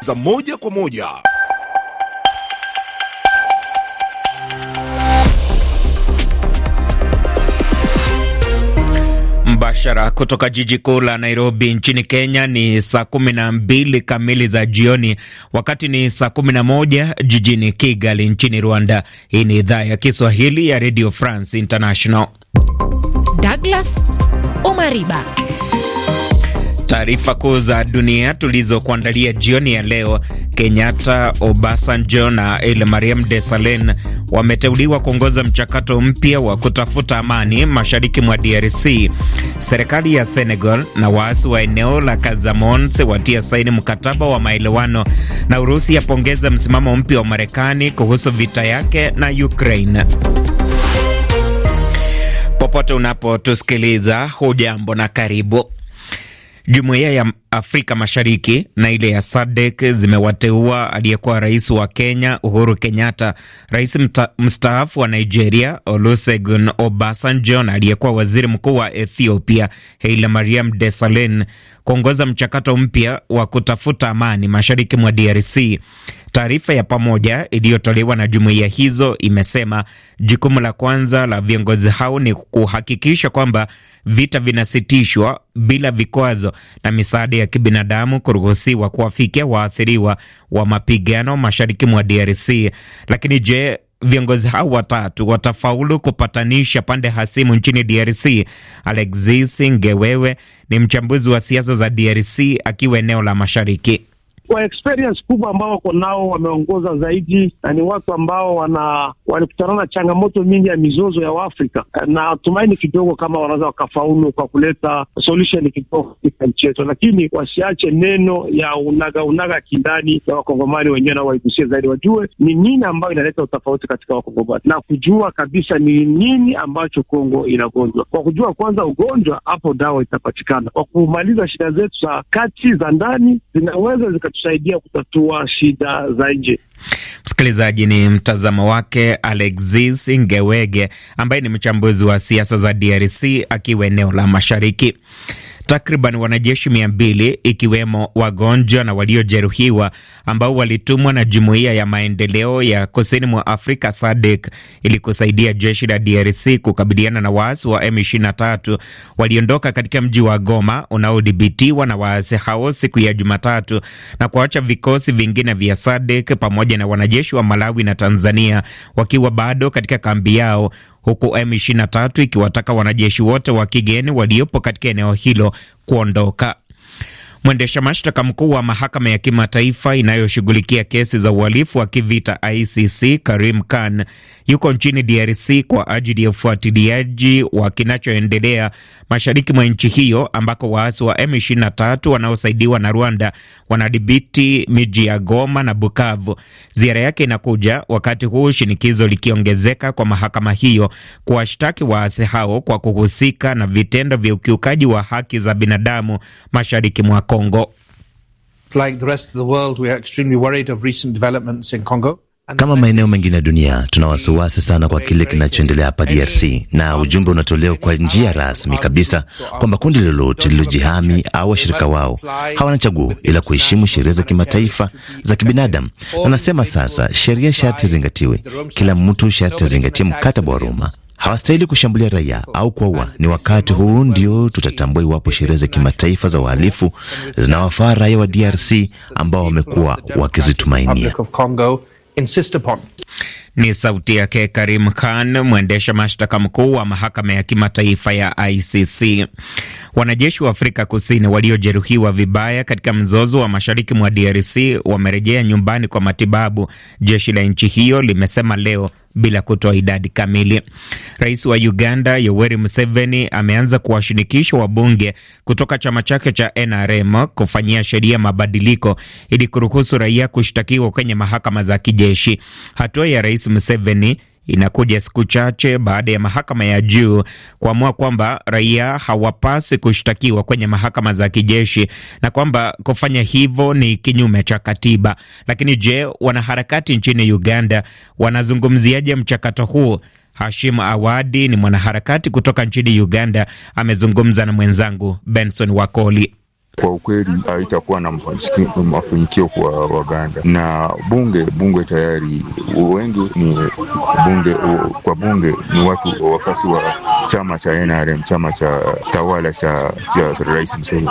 za moja kwa moja mbashara kutoka jiji kuu la Nairobi nchini Kenya. Ni saa kumi na mbili kamili za jioni, wakati ni saa kumi na moja jijini Kigali nchini Rwanda. Hii ni idhaa ya Kiswahili ya Radio France International. Douglas Omariba Taarifa kuu za dunia tulizokuandalia jioni ya leo. Kenyatta, Obasanjo na de Desalegn wameteuliwa kuongoza mchakato mpya wa kutafuta amani mashariki mwa DRC. Serikali ya Senegal na waasi wa eneo la Casamance watia saini mkataba wa maelewano, na Urusi yapongeza msimamo mpya wa Marekani kuhusu vita yake na Ukraine. Popote unapotusikiliza, hujambo na karibu. Jumuiya ya Afrika Mashariki na ile ya SADC zimewateua aliyekuwa rais wa Kenya Uhuru Kenyatta, rais mstaafu wa Nigeria Olusegun Obasanjo na aliyekuwa waziri mkuu wa Ethiopia heila Mariam Desalegn kuongoza mchakato mpya wa kutafuta amani mashariki mwa DRC. Taarifa ya pamoja iliyotolewa na jumuiya hizo imesema jukumu la kwanza la viongozi hao ni kuhakikisha kwamba vita vinasitishwa bila vikwazo na misaada ya kibinadamu kuruhusiwa kuwafikia waathiriwa wa mapigano mashariki mwa DRC. Lakini je, viongozi hao watatu watafaulu kupatanisha pande hasimu nchini DRC. Alexis Ngewewe ni mchambuzi wa siasa za DRC akiwa eneo la mashariki kwa experience kubwa ambao wako nao, wameongoza zaidi na ni watu ambao wana walikutana na changamoto mingi ya mizozo ya Waafrika, na tumaini kidogo kama wanaweza wakafaulu kwa kuleta solution kidogo katika nchi yetu, lakini wasiache neno ya unaga unaga kindani ya wakongomani wenyewe, na waigusie zaidi, wajue ni nini ambayo inaleta utofauti katika wakongomani na kujua kabisa ni nini ambacho Kongo inagonjwa. Kwa kujua kwanza ugonjwa, hapo dawa itapatikana. Kwa kumaliza shida zetu za kati za ndani zinaweza zika kutusaidia kutatua shida za nje. Msikilizaji, ni mtazamo wake Alexis Ngewege ambaye ni mchambuzi wa siasa za DRC akiwa eneo la mashariki. Takriban wanajeshi mia mbili ikiwemo wagonjwa na waliojeruhiwa ambao walitumwa na jumuiya ya maendeleo ya kusini mwa Afrika SADC ili kusaidia jeshi la DRC kukabiliana na waasi wa M23 waliondoka katika mji wa Goma unaodhibitiwa na waasi hao siku ya Jumatatu na kuacha vikosi vingine vya SADC pamoja na wanajeshi wa Malawi na Tanzania wakiwa bado katika kambi yao huku M23 ikiwataka wanajeshi wote wa kigeni waliopo katika eneo hilo kuondoka. Mwendesha mashtaka mkuu wa mahakama ya kimataifa inayoshughulikia kesi za uhalifu wa kivita ICC Karim Khan yuko nchini DRC kwa ajili ya ufuatiliaji wa kinachoendelea mashariki mwa nchi hiyo ambako waasi wa M23 wanaosaidiwa na Rwanda wanadhibiti miji ya Goma na Bukavu. Ziara yake inakuja wakati huu shinikizo likiongezeka kwa mahakama hiyo kuwashtaki waasi hao kwa kuhusika na vitendo vya ukiukaji wa haki za binadamu mashariki mwa Congo. Kama maeneo mengine ya dunia, tuna wasiwasi sana kwa kile kinachoendelea hapa DRC, na ujumbe unatolewa kwa njia rasmi kabisa kwamba kundi lolote lilojihami au washirika wao hawana chaguo ila kuheshimu sheria za kimataifa za kibinadamu. Na nasema sasa, sheria sharti zingatiwe, kila mtu sharti azingatie mkataba wa Roma hawastahili kushambulia raia au kuwaua. Ni wakati huu ndio tutatambua iwapo sheria za kimataifa za uhalifu zinawafaa raia wa DRC ambao wamekuwa wakizitumainia. Ni sauti yake Karim Khan, mwendesha mashtaka mkuu wa mahakama ya kimataifa ya ICC. Wanajeshi wa Afrika Kusini waliojeruhiwa vibaya katika mzozo wa mashariki mwa DRC wamerejea nyumbani kwa matibabu, jeshi la nchi hiyo limesema leo bila kutoa idadi kamili. Rais wa Uganda Yoweri Museveni ameanza kuwashinikisha wabunge kutoka chama chake cha NRM kufanyia sheria mabadiliko ili kuruhusu raia kushtakiwa kwenye mahakama za kijeshi. Hatua ya Rais Museveni inakuja siku chache baada ya mahakama ya juu kuamua kwamba raia hawapasi kushtakiwa kwenye mahakama za kijeshi na kwamba kufanya hivyo ni kinyume cha katiba. Lakini je, wanaharakati nchini Uganda wanazungumziaje mchakato huu? Hashim Awadi ni mwanaharakati kutoka nchini Uganda, amezungumza na mwenzangu Benson Wakoli kwa ukweli haitakuwa na mafanikio kwa Waganda na bunge bunge tayari wengi ni bunge kwa bunge ni watu wafasi wa chama cha NRM, chama cha tawala cha, cha Rais Museveni,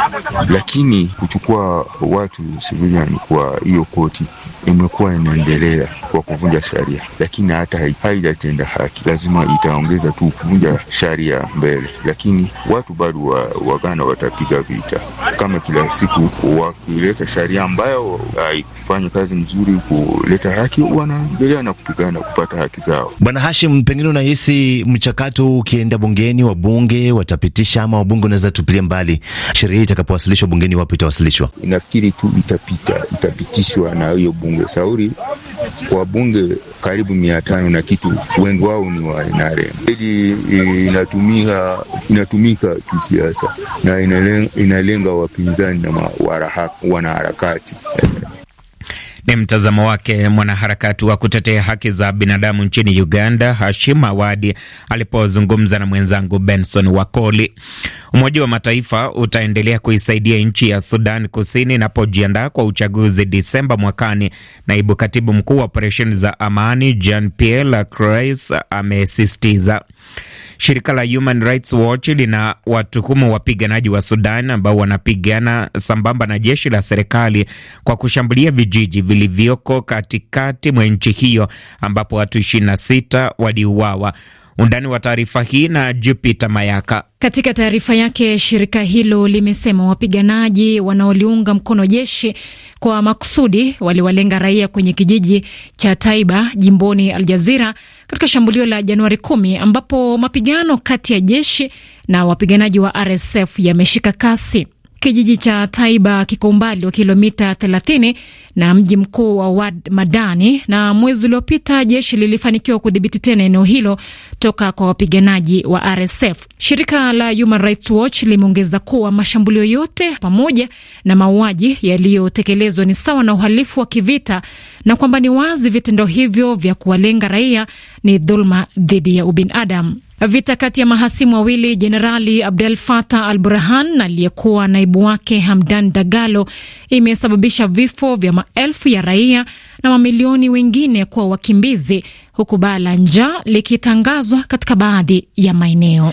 lakini kuchukua watu civilian kwa hiyo koti imekuwa inaendelea wa kuvunja sharia lakini hata haijatenda haki. Lazima itaongeza tu kuvunja sharia mbele, lakini watu bado wa, wagana watapiga vita kama kila siku, wakileta sharia ambayo haikufanya kazi mzuri kuleta haki, wanaendelea na kupigana kupata haki zao. Bwana Hashim, pengine unahisi mchakato ukienda bungeni, wabunge watapitisha ama wabunge unaweza tupilia mbali sheria hii itakapowasilishwa bungeni? Wapo itawasilishwa, nafikiri tu itapita, itapitishwa na hiyo bunge sauri wabunge karibu mia tano na kitu, wengi wao ni wa NRM. Ili inatumika, inatumika kisiasa na inalenga, inalenga wapinzani na wanaharakati. Ni mtazamo wake mwanaharakati wa kutetea haki za binadamu nchini Uganda, Hashim Awadi, alipozungumza na mwenzangu Benson Wakoli. Umoja wa Mataifa utaendelea kuisaidia nchi ya Sudan Kusini inapojiandaa kwa uchaguzi Disemba mwakani. Naibu katibu mkuu wa operesheni za amani Jean Pierre Lacroix amesisitiza Shirika la Human Rights Watch lina watuhumu wapiganaji wa Sudan ambao wanapigana sambamba na jeshi la serikali kwa kushambulia vijiji vilivyoko katikati mwa nchi hiyo ambapo watu 26 waliuawa. Undani wa taarifa hii na Jupiter Mayaka. Katika taarifa yake, shirika hilo limesema wapiganaji wanaoliunga mkono jeshi kwa makusudi waliwalenga raia kwenye kijiji cha Taiba jimboni Aljazira katika shambulio la Januari kumi ambapo mapigano kati ya jeshi na wapiganaji wa RSF yameshika kasi. Kijiji cha Taiba kiko umbali wa kilomita 30 na mji mkuu wa Wad Madani, na mwezi uliopita jeshi lilifanikiwa kudhibiti tena eneo hilo toka kwa wapiganaji wa RSF. Shirika la Human Rights Watch limeongeza kuwa mashambulio yote pamoja na mauaji yaliyotekelezwa ni sawa na uhalifu wa kivita na kwamba ni wazi vitendo hivyo vya kuwalenga raia ni dhuluma dhidi ya ubinadamu. Vita kati ya mahasimu wawili Jenerali Abdel Fattah al Burhan na aliyekuwa naibu wake Hamdan Dagalo imesababisha vifo vya maelfu ya raia na mamilioni wengine kuwa wakimbizi, huku baa la njaa likitangazwa katika baadhi ya maeneo.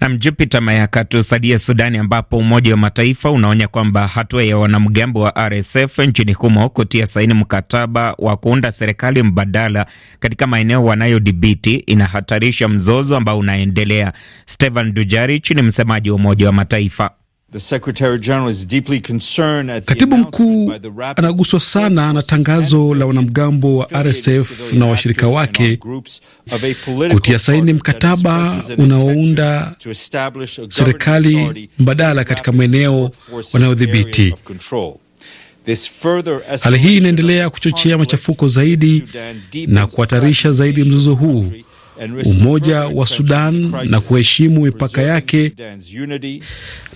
Nam Jupiter Mayaka, tusalie Sudani ambapo Umoja wa Mataifa unaonya kwamba hatua ya wanamgambo wa RSF nchini humo kutia saini mkataba wa kuunda serikali mbadala katika maeneo wanayodhibiti inahatarisha mzozo ambao unaendelea. Stephane Dujarric ni msemaji wa Umoja wa Mataifa. Katibu mkuu anaguswa sana na tangazo la wanamgambo wa RSF na washirika wake kutia saini mkataba unaounda serikali mbadala katika maeneo wanayodhibiti. Hali hii inaendelea kuchochea machafuko zaidi na kuhatarisha zaidi mzozo huu umoja wa Sudan na kuheshimu mipaka yake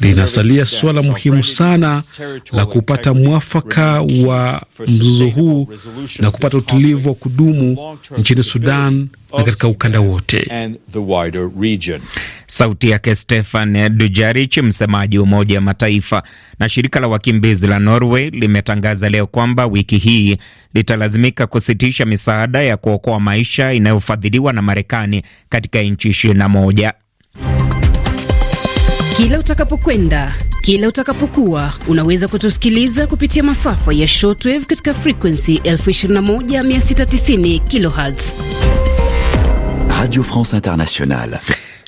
linasalia suala muhimu sana la kupata mwafaka wa mzozo huu na kupata utulivu wa kudumu nchini Sudan na katika ukanda wote. Sauti yake Stefan Dujarich, msemaji wa Umoja wa Mataifa. Na shirika la wakimbizi la Norway limetangaza leo kwamba wiki hii litalazimika kusitisha misaada ya kuokoa maisha inayofadhiliwa na Marekani katika nchi ishirini na moja. Kila utakapokwenda kila utakapokuwa unaweza kutusikiliza kupitia masafa ya shortwave katika frekuensi 21690 kilohertz Radio France Internationale.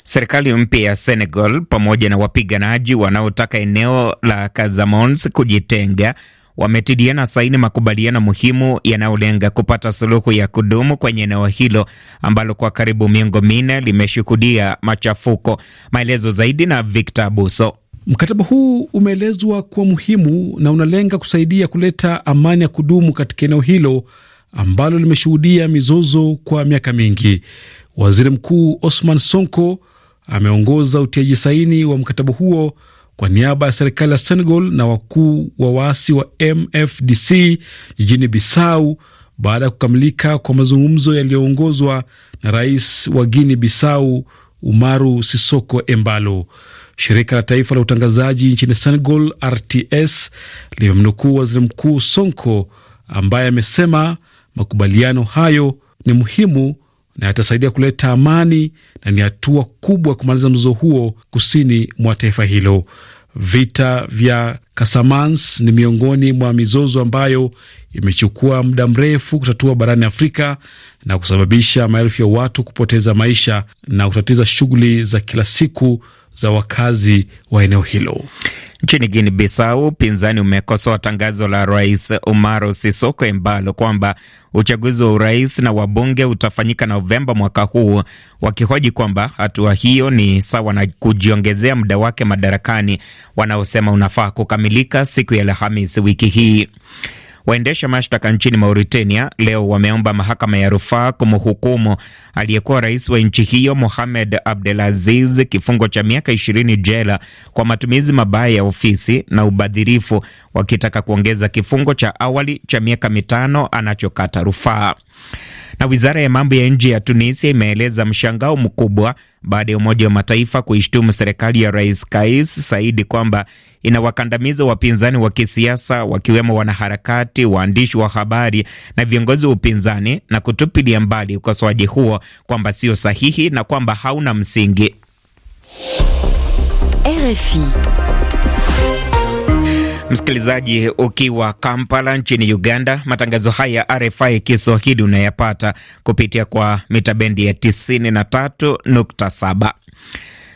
Serikali mpya ya Senegal pamoja na wapiganaji wanaotaka eneo la Casamance kujitenga wametidiana saini makubaliano muhimu yanayolenga kupata suluhu ya kudumu kwenye eneo hilo ambalo kwa karibu miongo minne limeshuhudia machafuko. Maelezo zaidi na Victor Buso. Mkataba huu umeelezwa kuwa muhimu na unalenga kusaidia kuleta amani ya kudumu katika eneo hilo ambalo limeshuhudia mizozo kwa miaka mingi. Waziri Mkuu Osman Sonko ameongoza utiaji saini wa mkataba huo kwa niaba ya serikali ya Senegal na wakuu wa waasi wa MFDC jijini Bisau baada ya kukamilika kwa mazungumzo yaliyoongozwa na rais wa Guinea Bisau Umaru Sisoko Embalo. Shirika la taifa la utangazaji nchini Senegal, RTS, limemnukuu waziri mkuu Sonko ambaye amesema Makubaliano hayo ni muhimu na yatasaidia kuleta amani na ni hatua kubwa ya kumaliza mzozo huo kusini mwa taifa hilo. Vita vya Kasamans ni miongoni mwa mizozo ambayo imechukua muda mrefu kutatua barani Afrika na kusababisha maelfu ya watu kupoteza maisha na kutatiza shughuli za kila siku za wakazi wa eneo hilo. Nchini Guini bisau upinzani umekosoa tangazo la Rais Umaro Sisoko Embalo kwamba uchaguzi wa urais na wabunge utafanyika Novemba mwaka huu, wakihoji kwamba hatua hiyo ni sawa na kujiongezea muda wake madarakani, wanaosema unafaa kukamilika siku ya Alhamisi wiki hii. Waendesha mashtaka nchini Mauritania leo wameomba mahakama ya rufaa kumhukumu aliyekuwa rais wa nchi hiyo Mohamed Abdelaziz kifungo cha miaka ishirini jela kwa matumizi mabaya ya ofisi na ubadhirifu, wakitaka kuongeza kifungo cha awali cha miaka mitano anachokata rufaa. Na wizara ya mambo ya nje ya Tunisia imeeleza mshangao mkubwa baada ya Umoja wa Mataifa kuishtumu serikali ya Rais Kais Saidi kwamba inawakandamiza wapinzani wa kisiasa wakiwemo wanaharakati, waandishi wa habari na viongozi wa upinzani, na kutupilia mbali ukosoaji huo kwamba sio sahihi na kwamba hauna msingi. RFI. Msikilizaji ukiwa Kampala nchini Uganda, matangazo haya ya RFI Kiswahili unayapata kupitia kwa mita bendi ya 93.7.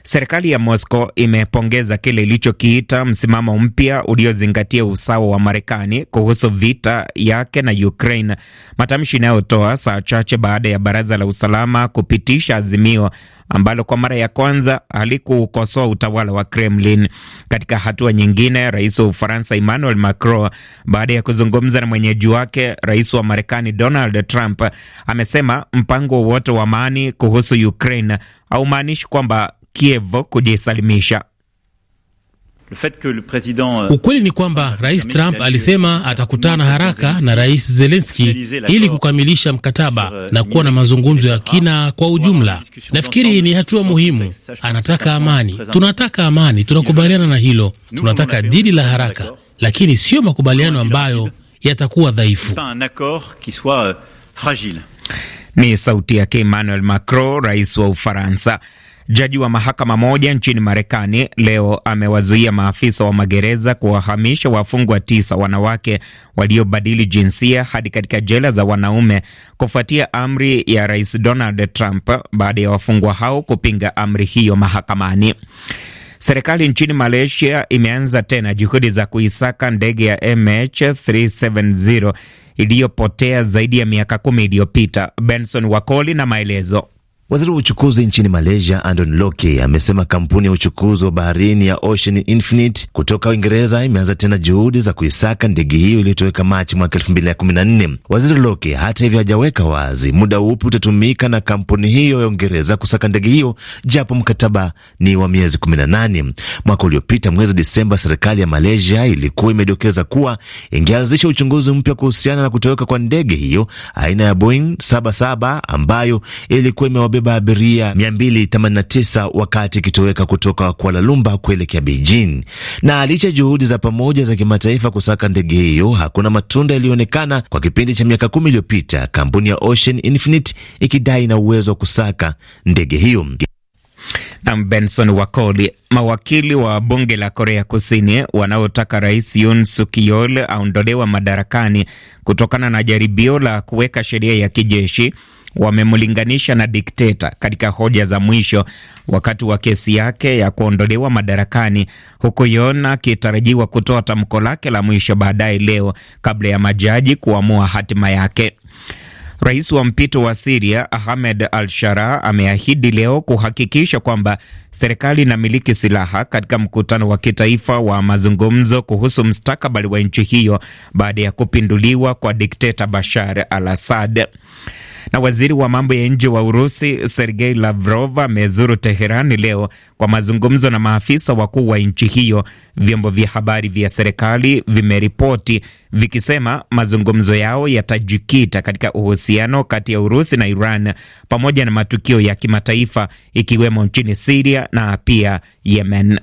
Serikali ya Moscow imepongeza kile ilichokiita msimamo mpya uliozingatia usawa wa Marekani kuhusu vita yake na Ukraine, matamshi inayotoa saa chache baada ya baraza la usalama kupitisha azimio ambalo kwa mara ya kwanza halikuukosoa utawala wa Kremlin. Katika hatua nyingine, rais wa Ufaransa Emmanuel Macron, baada ya kuzungumza na mwenyeji wake rais wa Marekani Donald Trump, amesema mpango wowote wa amani kuhusu Ukraine haumaanishi kwamba Kiev kujisalimisha. Euh, Ukweli ni kwamba Rais Trump alisema atakutana haraka na Rais Zelensky ili kukamilisha mkataba euh, na kuwa na mazungumzo ya kina kwa ujumla. Nafikiri ni hatua muhimu. Anataka amani, tunataka amani, tunakubaliana na hilo. Tunataka dili la haraka, lakini siyo makubaliano ambayo yatakuwa dhaifu. Euh, ni sauti yake Emmanuel Macron, rais wa Ufaransa. Jaji wa mahakama moja nchini Marekani leo amewazuia maafisa wa magereza kuwahamisha wafungwa tisa wanawake waliobadili jinsia hadi katika jela za wanaume kufuatia amri ya Rais Donald Trump baada ya wafungwa hao kupinga amri hiyo mahakamani. Serikali nchini Malaysia imeanza tena juhudi za kuisaka ndege ya MH370 iliyopotea zaidi ya miaka kumi iliyopita. Benson Wakoli na maelezo. Waziri wa uchukuzi nchini Malaysia, Andon Loke, amesema kampuni ya uchukuzi wa baharini ya Ocean Infinite kutoka Uingereza imeanza tena juhudi za kuisaka ndege hiyo iliyotoweka Machi mwaka nne. Waziri Loke hata hivyo hajaweka wazi muda upi utatumika na kampuni hiyo ya Uingereza kusaka ndege hiyo, japo mkataba ni wa miezi nane. Mwaka uliopita mwezi disemba serikali ya Malaysia ilikuwa imedokeza kuwa ingeanzisha uchunguzi mpya kuhusiana na kutoweka kwa ndege hiyo aina ya Boeing 77 ambayo ilikuwa imewabeba kubeba abiria 289 wakati ikitoweka kutoka Kuala Lumpur kuelekea Beijing. Na licha juhudi za pamoja za kimataifa kusaka ndege hiyo, hakuna matunda yaliyoonekana kwa kipindi cha miaka kumi iliyopita, kampuni ya Ocean Infinite ikidai na uwezo wa kusaka ndege hiyo. Na Benson Wakoli. Mawakili wa bunge la Korea Kusini wanaotaka rais Yoon Suk Yeol aondolewa madarakani kutokana na jaribio la kuweka sheria ya kijeshi wamemlinganisha na dikteta katika hoja za mwisho wakati wa kesi yake ya kuondolewa madarakani, huku Yon akitarajiwa kutoa tamko lake la mwisho baadaye leo kabla ya majaji kuamua hatima yake. Rais wa mpito wa Siria Ahmed al Shara ameahidi leo kuhakikisha kwamba serikali inamiliki silaha katika mkutano wa kitaifa wa mazungumzo kuhusu mustakabali wa nchi hiyo baada ya kupinduliwa kwa dikteta Bashar al Assad. Na waziri wa mambo ya nje wa Urusi Sergei Lavrov amezuru Teherani leo kwa mazungumzo na maafisa wakuu wa nchi hiyo, vyombo vya habari vya serikali vimeripoti vikisema mazungumzo yao yatajikita katika uhusiano kati ya Urusi na Iran pamoja na matukio ya kimataifa ikiwemo nchini Siria na pia Yemen.